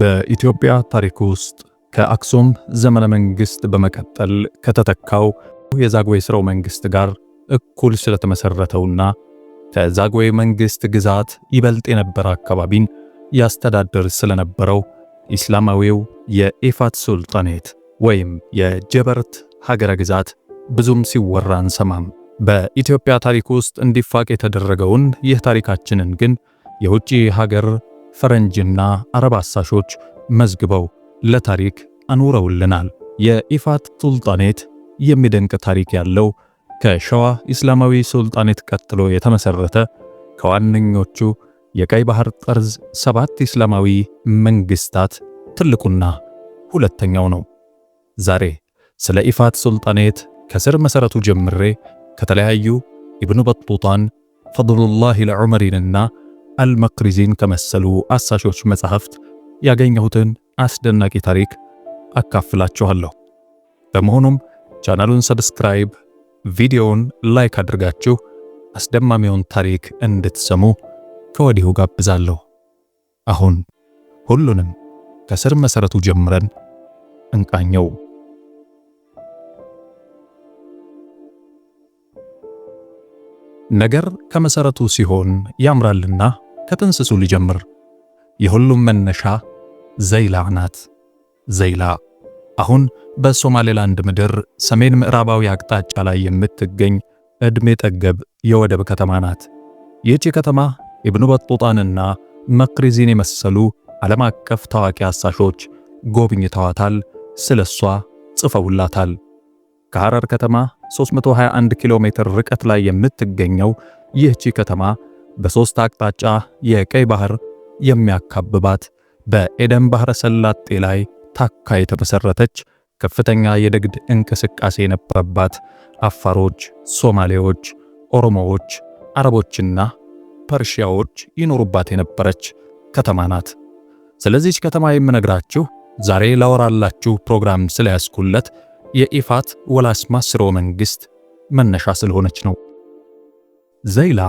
በኢትዮጵያ ታሪክ ውስጥ ከአክሱም ዘመነ መንግስት በመቀጠል ከተተካው የዛግዌ ስርወ መንግስት ጋር እኩል ስለተመሰረተውና ከዛግዌ መንግስት ግዛት ይበልጥ የነበረ አካባቢን ያስተዳድር ስለነበረው ኢስላማዊው የኢፋት ሱልጣኔት ወይም የጀበርት ሀገረ ግዛት ብዙም ሲወራ አንሰማም። በኢትዮጵያ ታሪክ ውስጥ እንዲፋቅ የተደረገውን ይህ ታሪካችንን ግን የውጭ ሀገር ፈረንጅና አረብ አሳሾች መዝግበው ለታሪክ አኑረውልናል። የኢፋት ሱልጣኔት የሚደንቅ ታሪክ ያለው ከሸዋ ኢስላማዊ ሱልጣኔት ቀጥሎ የተመሰረተ ከዋነኞቹ የቀይ ባህር ጠርዝ ሰባት ኢስላማዊ መንግስታት ትልቁና ሁለተኛው ነው። ዛሬ ስለ ኢፋት ሱልጣኔት ከስር መሰረቱ ጀምሬ ከተለያዩ ኢብኑ በጥቡጣን ፈድሉላህ ለዑመሪንና አልመክሪዚን ከመሰሉ አሳሾች መጻሕፍት ያገኘሁትን አስደናቂ ታሪክ አካፍላችኋለሁ። በመሆኑም ቻናሉን ሰብስክራይብ፣ ቪዲዮውን ላይክ አድርጋችሁ አስደማሚውን ታሪክ እንድትሰሙ ከወዲሁ ጋብዛለሁ። አሁን ሁሉንም ከስር መሰረቱ ጀምረን እንቃኘው። ነገር ከመሰረቱ ሲሆን ያምራልና ከጥንስሱ ሊጀምር። የሁሉም መነሻ ዘይላ ናት። ዘይላ አሁን በሶማሌላንድ ምድር ሰሜን ምዕራባዊ አቅጣጫ ላይ የምትገኝ ዕድሜ ጠገብ የወደብ ከተማ ናት። ይህቺ ከተማ ኢብኑ በጡጣንና መክሪዚን የመሰሉ ዓለም አቀፍ ታዋቂ አሳሾች ጎብኝተዋታል፣ ስለ እሷ ጽፈውላታል። ከሐረር ከተማ 321 ኪሎ ሜትር ርቀት ላይ የምትገኘው ይህቺ ከተማ በሦስት አቅጣጫ የቀይ ባህር የሚያካብባት በኤደን ባህረ ሰላጤ ላይ ታካ የተመሰረተች ከፍተኛ የንግድ እንቅስቃሴ የነበረባት አፋሮች፣ ሶማሌዎች፣ ኦሮሞዎች፣ አረቦችና ፐርሺያዎች ይኖሩባት የነበረች ከተማ ናት። ስለዚች ከተማ የምነግራችሁ ዛሬ ላወራላችሁ ፕሮግራም ስለያዝኩለት የኢፋት ወላይስማ ሥርወ መንግሥት መነሻ ስለሆነች ነው። ዘይላ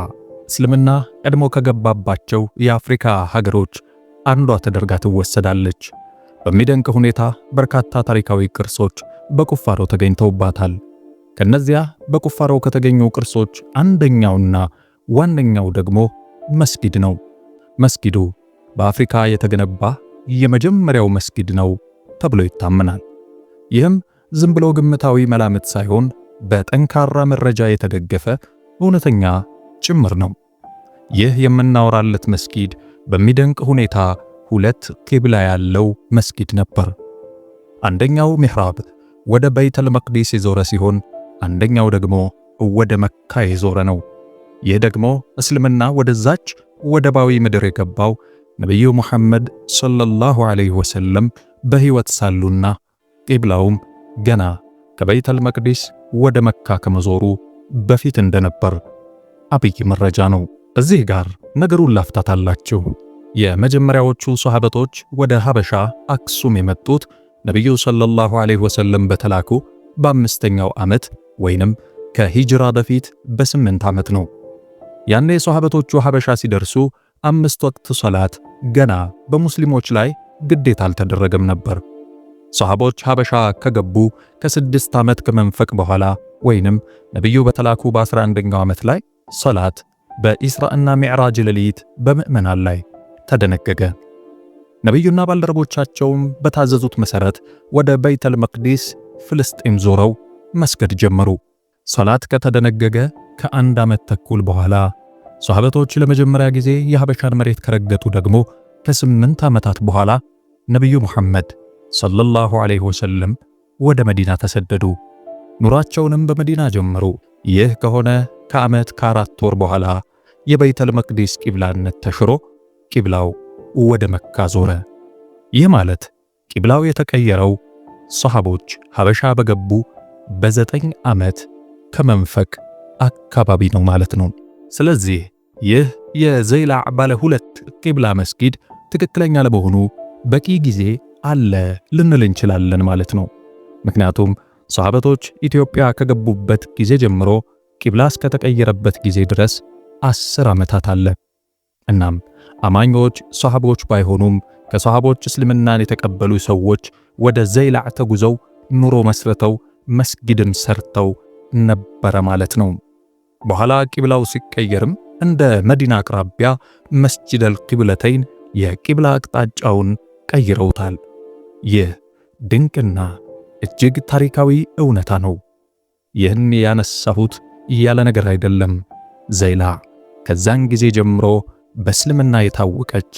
እስልምና ቀድሞ ከገባባቸው የአፍሪካ ሀገሮች አንዷ ተደርጋ ትወሰዳለች። በሚደንቅ ሁኔታ በርካታ ታሪካዊ ቅርሶች በቁፋሮ ተገኝተውባታል። ከነዚያ በቁፋሮ ከተገኙ ቅርሶች አንደኛውና ዋነኛው ደግሞ መስጊድ ነው። መስጊዱ በአፍሪካ የተገነባ የመጀመሪያው መስጊድ ነው ተብሎ ይታመናል። ይህም ዝም ብሎ ግምታዊ መላምት ሳይሆን በጠንካራ መረጃ የተደገፈ እውነተኛ ጭምር ነው። ይህ የምናወራለት መስጊድ በሚደንቅ ሁኔታ ሁለት ቂብላ ያለው መስጊድ ነበር። አንደኛው ሚሕራብ ወደ በይተል መቅዲስ የዞረ ሲሆን፣ አንደኛው ደግሞ ወደ መካ የዞረ ነው። ይህ ደግሞ እስልምና ወደዛች ወደባዊ ምድር የገባው ነቢዩ ሙሐመድ ሰለላሁ ዐለይሂ ወሰለም በሕይወት ሳሉና ቂብላውም ገና ከበይተል መቅዲስ ወደ መካ ከመዞሩ በፊት እንደነበር አብይ መረጃ ነው። እዚህ ጋር ነገሩን ላፍታታላችሁ። የመጀመሪያዎቹ ሰሃበቶች ወደ ሀበሻ አክሱም የመጡት ነቢዩ ሰለላሁ ዐለይሂ ወሰለም በተላኩ በአምስተኛው ዓመት ወይንም ከሂጅራ በፊት በስምንት ዓመት ነው። ያኔ ሰሃበቶቹ ሀበሻ ሲደርሱ አምስት ወቅት ሶላት ገና በሙስሊሞች ላይ ግዴታ አልተደረገም ነበር። ሰሃቦች ሀበሻ ከገቡ ከስድስት ዓመት ከመንፈቅ በኋላ ወይንም ነቢዩ በተላኩ በ 11 ኛው ዓመት ላይ ሶላት በኢስራእና ሚዕራጅ ሌሊት በምዕመናን ላይ ተደነገገ። ነቢዩና ባልደረቦቻቸውም በታዘዙት መሠረት ወደ በይተል መቅዲስ ፍልስጤም ዞረው መስገድ ጀመሩ። ሶላት ከተደነገገ ከአንድ ዓመት ተኩል በኋላ ሰሃበቶች ለመጀመሪያ ጊዜ የሐበሻን መሬት ከረገጡ ደግሞ ከስምንት ዓመታት በኋላ ነቢዩ ሙሐመድ ሰለላሁ ዐለይሂ ወሰለም ወደ መዲና ተሰደዱ። ኑራቸውንም በመዲና ጀመሩ። ይህ ከሆነ ከዓመት ከአራት ወር በኋላ የበይተል መቅዲስ ቂብላነት ተሽሮ ቂብላው ወደ መካ ዞረ። ይህ ማለት ቂብላው የተቀየረው ሰሃቦች ሀበሻ በገቡ በዘጠኝ ዓመት ከመንፈቅ አካባቢ ነው ማለት ነው። ስለዚህ ይህ የዘይላ ባለ ሁለት ቂብላ መስጊድ ትክክለኛ ለመሆኑ በቂ ጊዜ አለ ልንል እንችላለን ማለት ነው። ምክንያቱም ሰሃበቶች ኢትዮጵያ ከገቡበት ጊዜ ጀምሮ ቂብላ እስከተቀየረበት ጊዜ ድረስ አስር ዓመታት አለ። እናም አማኞች ሰሃቦች ባይሆኑም ከሰሃቦች እስልምናን የተቀበሉ ሰዎች ወደ ዘይላዕ ተጉዘው ኑሮ መስርተው መስጊድን ሰርተው ነበረ ማለት ነው። በኋላ ቂብላው ሲቀየርም እንደ መዲና አቅራቢያ መስጂድ አልቂብለተይን የቂብላ አቅጣጫውን ቀይረውታል። ይህ ድንቅና እጅግ ታሪካዊ እውነታ ነው። ይህን ያነሳሁት ያለ ነገር አይደለም። ዘይላ ከዛን ጊዜ ጀምሮ በእስልምና የታወቀች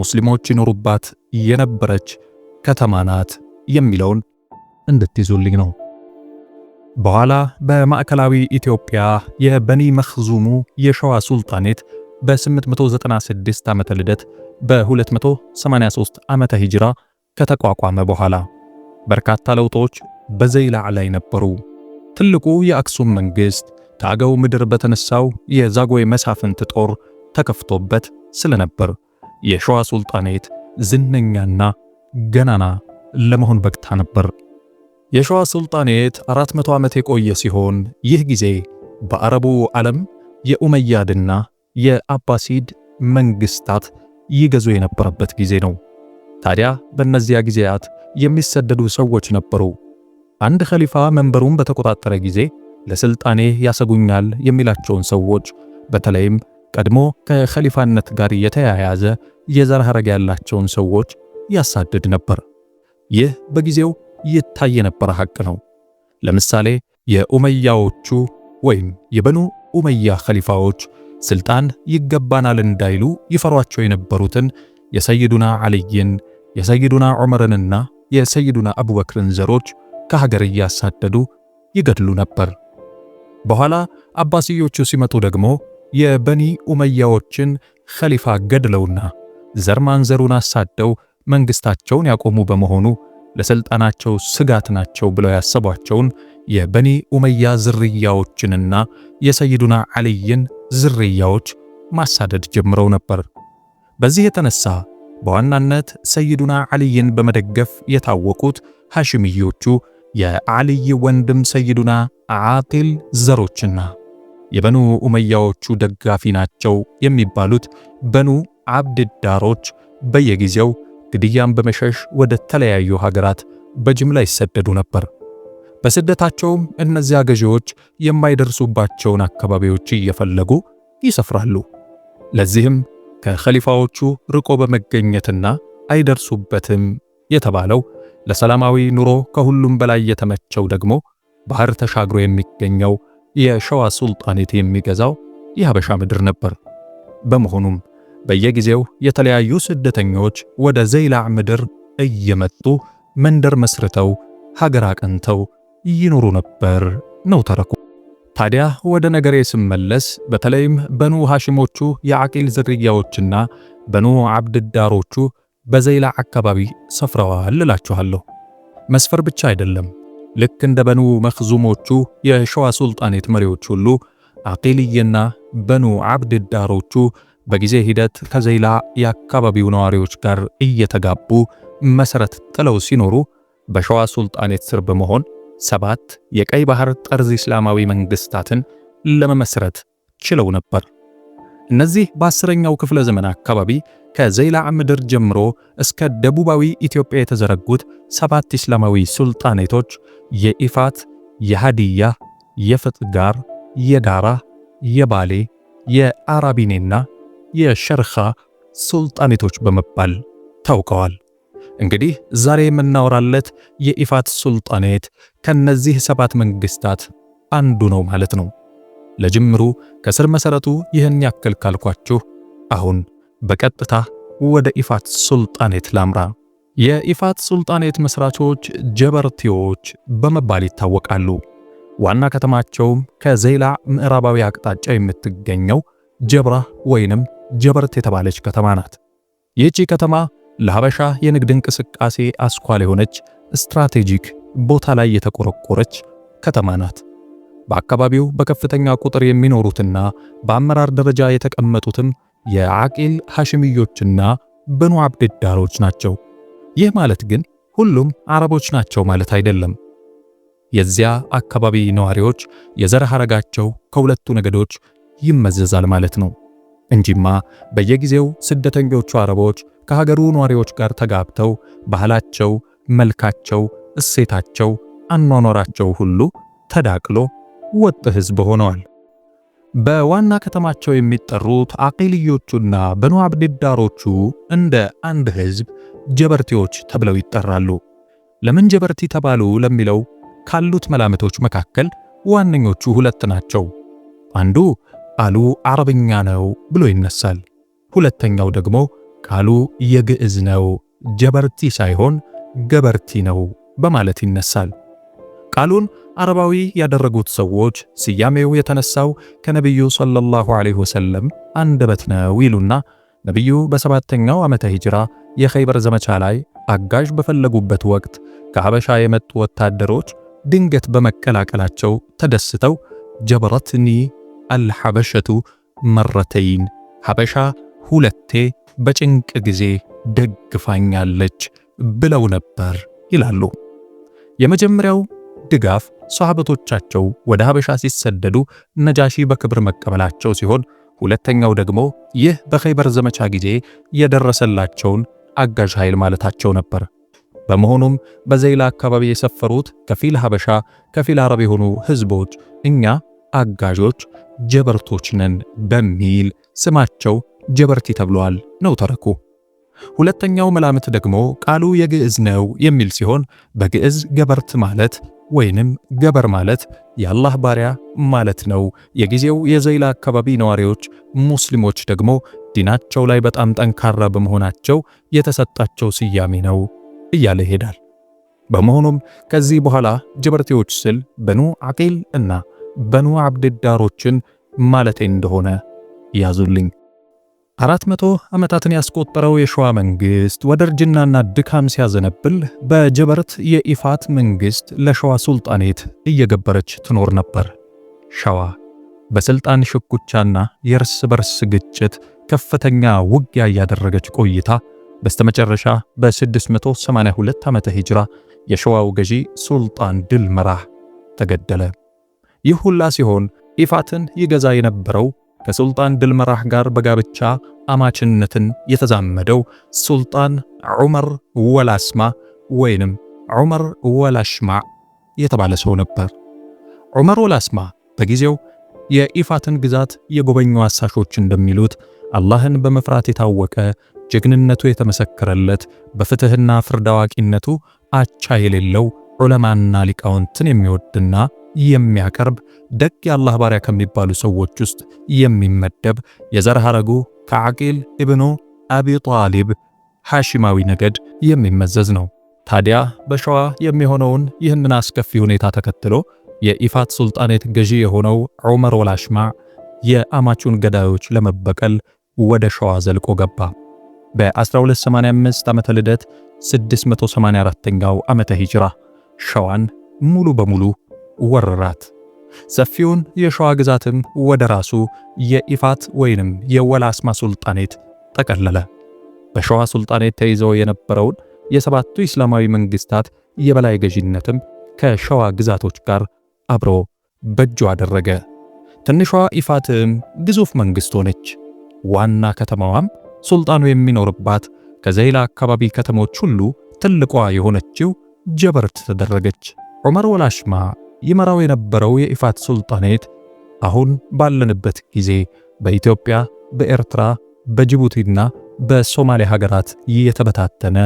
ሙስሊሞች ይኖሩባት የነበረች ከተማ ናት የሚለውን እንድትይዙልኝ ነው። በኋላ በማዕከላዊ ኢትዮጵያ የበኒ መኽዙሙ የሸዋ ሱልጣኔት በ896 ዓመተ ልደት በ283 ዓመተ ሂጅራ ከተቋቋመ በኋላ በርካታ ለውጦች በዘይላዕ ላይ ነበሩ። ትልቁ የአክሱም መንግሥት ከአገው ምድር በተነሳው የዛጉዌ መሳፍንት ጦር ተከፍቶበት ስለነበር የሸዋ ሱልጣኔት ዝነኛና ገናና ለመሆን በቅታ ነበር። የሸዋ ሱልጣኔት 400 ዓመት የቆየ ሲሆን ይህ ጊዜ በአረቡ ዓለም የኡመያድና የአባሲድ መንግስታት ይገዙ የነበረበት ጊዜ ነው። ታዲያ በእነዚያ ጊዜያት የሚሰደዱ ሰዎች ነበሩ። አንድ ኸሊፋ መንበሩን በተቆጣጠረ ጊዜ ለስልጣኔ ያሰጉኛል የሚላቸውን ሰዎች በተለይም ቀድሞ ከኸሊፋነት ጋር የተያያዘ የዘር ሐረግ ያላቸውን ሰዎች ያሳድድ ነበር። ይህ በጊዜው ይታይ የነበረ ሐቅ ነው። ለምሳሌ የኡመያዎቹ ወይም የበኑ ኡመያ ኸሊፋዎች ስልጣን ይገባናል እንዳይሉ ይፈሯቸው የነበሩትን የሰይዱና ዓልይን፣ የሰይዱና ዑመርንና የሰይዱና አቡበክርን ዘሮች ከሀገር እያሳደዱ ይገድሉ ነበር። በኋላ አባስዮቹ ሲመጡ ደግሞ የበኒ ኡመያዎችን ኸሊፋ ገድለውና ዘር ማንዘሩን አሳደው መንግስታቸውን ያቆሙ በመሆኑ ለስልጣናቸው ስጋት ናቸው ብለው ያሰቧቸውን የበኒ ኡመያ ዝርያዎችንና የሰይዱና ዓልይን ዝርያዎች ማሳደድ ጀምረው ነበር። በዚህ የተነሳ በዋናነት ሰይዱና ዓልይን በመደገፍ የታወቁት ሐሽምዮቹ የዓልይ ወንድም ሰይዱና ዓቲል ዘሮችና የበኑ ኡመያዎቹ ደጋፊ ናቸው የሚባሉት በኑ ዳሮች በየጊዜው ግድያን በመሸሽ ወደ ተለያዩ ሀገራት በጅምላ ይሰደዱ ነበር። በስደታቸውም እነዚያ ገዢዎች የማይደርሱባቸውን አካባቢዎች እየፈለጉ ይሰፍራሉ። ለዚህም ከኸሊፋዎቹ ርቆ በመገኘትና አይደርሱበትም የተባለው ለሰላማዊ ኑሮ ከሁሉም በላይ የተመቸው ደግሞ ባህር ተሻግሮ የሚገኘው የሸዋ ሱልጣኔት የሚገዛው የሀበሻ ምድር ነበር። በመሆኑም በየጊዜው የተለያዩ ስደተኞች ወደ ዘይላዕ ምድር እየመጡ መንደር መስርተው ሀገር አቅንተው ይኖሩ ነበር ነው ተረኩ። ታዲያ ወደ ነገሬ ስመለስ በተለይም በኑ ሐሽሞቹ የዓቂል ዝርያዎችና በኑ ዓብድዳሮቹ በዘይላ አካባቢ ሰፍረዋል እላችኋለሁ። መስፈር ብቻ አይደለም፣ ልክ እንደ በኑ መኽዙሞቹ የሸዋ ሱልጣኔት መሪዎች ሁሉ አቂልይና በኑ ዓብድ ዳሮቹ በጊዜ ሂደት ከዘይላ የአካባቢው ነዋሪዎች ጋር እየተጋቡ መሰረት ጥለው ሲኖሩ በሸዋ ሱልጣኔት ስር በመሆን ሰባት የቀይ ባህር ጠርዝ እስላማዊ መንግስታትን ለመመስረት ችለው ነበር። እነዚህ በአስረኛው ክፍለ ዘመን አካባቢ ከዘይላ ምድር ጀምሮ እስከ ደቡባዊ ኢትዮጵያ የተዘረጉት ሰባት እስላማዊ ሱልጣኔቶች የኢፋት፣ የሃዲያ፣ የፍጥጋር፣ የዳራ፣ የባሌ፣ የአራቢኔና የሸርኻ ሱልጣኔቶች በመባል ታውቀዋል። እንግዲህ ዛሬ የምናወራለት የኢፋት ሱልጣኔት ከነዚህ ሰባት መንግስታት አንዱ ነው ማለት ነው። ለጅምሩ ከስር መሰረቱ ይህን ያክል ካልኳችሁ አሁን በቀጥታ ወደ ኢፋት ሱልጣኔት ላምራ። የኢፋት ሱልጣኔት መስራቾች ጀበርቲዎች በመባል ይታወቃሉ። ዋና ከተማቸውም ከዜላ ምዕራባዊ አቅጣጫ የምትገኘው ጀብራ ወይንም ጀበርት የተባለች ከተማ ናት። ይህቺ ከተማ ለሀበሻ የንግድ እንቅስቃሴ አስኳል የሆነች ስትራቴጂክ ቦታ ላይ የተቆረቆረች ከተማ ናት። በአካባቢው በከፍተኛ ቁጥር የሚኖሩትና በአመራር ደረጃ የተቀመጡትም የዓቂል ሐሽምዮችና በኑ አብድዳሮች ናቸው። ይህ ማለት ግን ሁሉም አረቦች ናቸው ማለት አይደለም። የዚያ አካባቢ ነዋሪዎች የዘር ሐረጋቸው ከሁለቱ ነገዶች ይመዘዛል ማለት ነው እንጂማ በየጊዜው ስደተኞቹ አረቦች ከሀገሩ ነዋሪዎች ጋር ተጋብተው ባህላቸው፣ መልካቸው፣ እሴታቸው፣ አኗኗራቸው ሁሉ ተዳቅሎ ወጥ ህዝብ ሆነዋል። በዋና ከተማቸው የሚጠሩት አቂልዮቹና በኑ አብዲዳሮቹ እንደ አንድ ህዝብ ጀበርቲዎች ተብለው ይጠራሉ። ለምን ጀበርቲ ተባሉ ለሚለው ካሉት መላምቶች መካከል ዋነኞቹ ሁለት ናቸው። አንዱ ቃሉ አረብኛ ነው ብሎ ይነሳል። ሁለተኛው ደግሞ ቃሉ የግዕዝ ነው፣ ጀበርቲ ሳይሆን ገበርቲ ነው በማለት ይነሳል። ቃሉን አረባዊ ያደረጉት ሰዎች ስያሜው የተነሳው ከነቢዩ ሰለላሁ ዐለይሂ ወሰለም አንደበት ነው ይሉና ነቢዩ በሰባተኛው ዓመተ ሂጅራ የኸይበር ዘመቻ ላይ አጋዥ በፈለጉበት ወቅት ከሐበሻ የመጡ ወታደሮች ድንገት በመቀላቀላቸው ተደስተው ጀበረትኒ አልሐበሸቱ መረተይን ሐበሻ ሁለቴ በጭንቅ ጊዜ ደግፋኛለች ብለው ነበር ይላሉ። የመጀመሪያው ድጋፍ ሰሃበቶቻቸው ወደ ሀበሻ ሲሰደዱ ነጃሺ በክብር መቀበላቸው ሲሆን ሁለተኛው ደግሞ ይህ በኸይበር ዘመቻ ጊዜ የደረሰላቸውን አጋዥ ኃይል ማለታቸው ነበር። በመሆኑም በዘይላ አካባቢ የሰፈሩት ከፊል ሀበሻ ከፊል አረብ የሆኑ ህዝቦች እኛ አጋዦች ጀበርቶች ነን በሚል ስማቸው ጀበርቲ ተብለዋል ነው ተረኩ። ሁለተኛው መላምት ደግሞ ቃሉ የግዕዝ ነው የሚል ሲሆን በግዕዝ ገበርት ማለት ወይንም ገበር ማለት የአላህ ባሪያ ማለት ነው። የጊዜው የዘይላ አካባቢ ነዋሪዎች ሙስሊሞች ደግሞ ዲናቸው ላይ በጣም ጠንካራ በመሆናቸው የተሰጣቸው ስያሜ ነው እያለ ይሄዳል። በመሆኑም ከዚህ በኋላ ጅበርቴዎች ስል በኑ ዓቂል እና በኑ ዓብድዳሮችን ማለቴ እንደሆነ ያዙልኝ። አራት መቶ ዓመታትን ያስቆጠረው የሸዋ መንግስት ወደ እርጅናና ድካም ሲያዘነብል በጀበርት የኢፋት መንግስት ለሸዋ ሱልጣኔት እየገበረች ትኖር ነበር። ሸዋ በስልጣን ሽኩቻና የእርስ በርስ ግጭት ከፍተኛ ውጊያ እያደረገች ቆይታ በስተመጨረሻ በ682 ዓመተ ሂጅራ የሸዋው ገዢ ሱልጣን ድል መራህ ተገደለ። ይህ ሁላ ሲሆን ኢፋትን ይገዛ የነበረው ከሱልጣን ብልመራህ ጋር በጋብቻ አማችነትን የተዛመደው ሱልጣን ዑመር ወላስማ ወይንም ዑመር ወላሽማ የተባለ ሰው ነበር። ዑመር ወላስማ በጊዜው የኢፋትን ግዛት የጎበኙ አሳሾች እንደሚሉት አላህን በመፍራት የታወቀ ጀግንነቱ የተመሰከረለት በፍትህና ፍርድ አዋቂነቱ አቻ የሌለው ዑለማና ሊቃውንትን የሚወድና የሚያቀርብ ደግ የአላህ ባሪያ ከሚባሉ ሰዎች ውስጥ የሚመደብ የዘር ሐረጉ ከዓቂል ኢብኑ አቢ ጣሊብ ሐሺማዊ ነገድ የሚመዘዝ ነው። ታዲያ በሸዋ የሚሆነውን ይህንን አስከፊ ሁኔታ ተከትሎ የኢፋት ሱልጣኔት ገዢ የሆነው ዑመር ወላሽማ የአማቹን ገዳዮች ለመበቀል ወደ ሸዋ ዘልቆ ገባ። በ1285 ዓመተ ልደት 684ኛው ዓመተ ሂጅራ ሸዋን ሙሉ በሙሉ ወረራት። ሰፊውን የሸዋ ግዛትም ወደ ራሱ የኢፋት ወይንም የወላስማ ሱልጣኔት ጠቀለለ። በሸዋ ሱልጣኔት ተይዘው የነበረውን የሰባቱ ኢስላማዊ መንግስታት የበላይ ገዢነትም ከሸዋ ግዛቶች ጋር አብሮ በእጁ አደረገ። ትንሿ ኢፋትም ግዙፍ መንግስት ሆነች። ዋና ከተማዋም ሱልጣኑ የሚኖርባት ከዘይላ አካባቢ ከተሞች ሁሉ ትልቋ የሆነችው ጀበርት ተደረገች። ዑመር ወላሽማ ይመራው የነበረው የኢፋት ሱልጣኔት አሁን ባለንበት ጊዜ በኢትዮጵያ፣ በኤርትራ፣ በጅቡቲና በሶማሌ ሀገራት የተበታተነ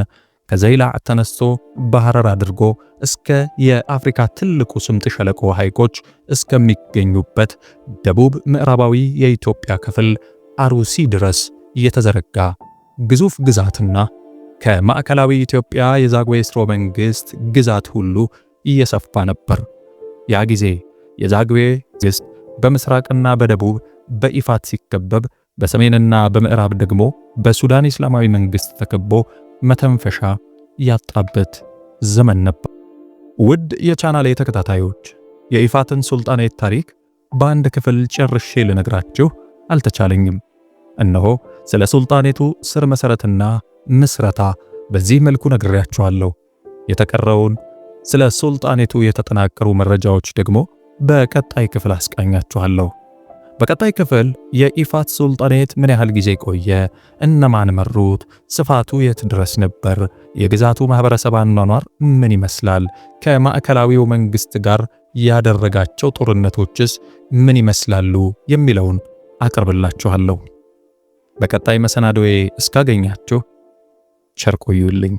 ከዘይላ ተነስቶ ባህረር አድርጎ እስከ የአፍሪካ ትልቁ ስምጥ ሸለቆ ሐይቆች እስከሚገኙበት ደቡብ ምዕራባዊ የኢትዮጵያ ክፍል አሩሲ ድረስ የተዘረጋ ግዙፍ ግዛትና ከማዕከላዊ ኢትዮጵያ የዛግዌ ሥርወ መንግሥት ግዛት ሁሉ እየሰፋ ነበር። ያ ጊዜ የዛግዌ ግስት በምስራቅና በደቡብ በኢፋት ሲከበብ፣ በሰሜንና በምዕራብ ደግሞ በሱዳን እስላማዊ መንግሥት ተከቦ መተንፈሻ ያጣበት ዘመን ነበር። ውድ የቻናሌ ተከታታዮች የኢፋትን ሱልጣኔት ታሪክ በአንድ ክፍል ጨርሼ ልነግራችሁ አልተቻለኝም። እነሆ ስለ ሱልጣኔቱ ስር መሠረትና ምስረታ በዚህ መልኩ ነግሬያችኋለሁ። የተቀረውን ስለ ሱልጣኔቱ የተጠናቀሩ መረጃዎች ደግሞ በቀጣይ ክፍል አስቃኛችኋለሁ። በቀጣይ ክፍል የኢፋት ሱልጣኔት ምን ያህል ጊዜ ቆየ፣ እነማን መሩት፣ ስፋቱ የት ድረስ ነበር፣ የግዛቱ ማህበረሰብ አኗኗር ምን ይመስላል፣ ከማዕከላዊው መንግስት ጋር ያደረጋቸው ጦርነቶችስ ምን ይመስላሉ የሚለውን አቀርብላችኋለሁ። በቀጣይ መሰናዶዬ እስካገኛችሁ ቸር ቆዩልኝ።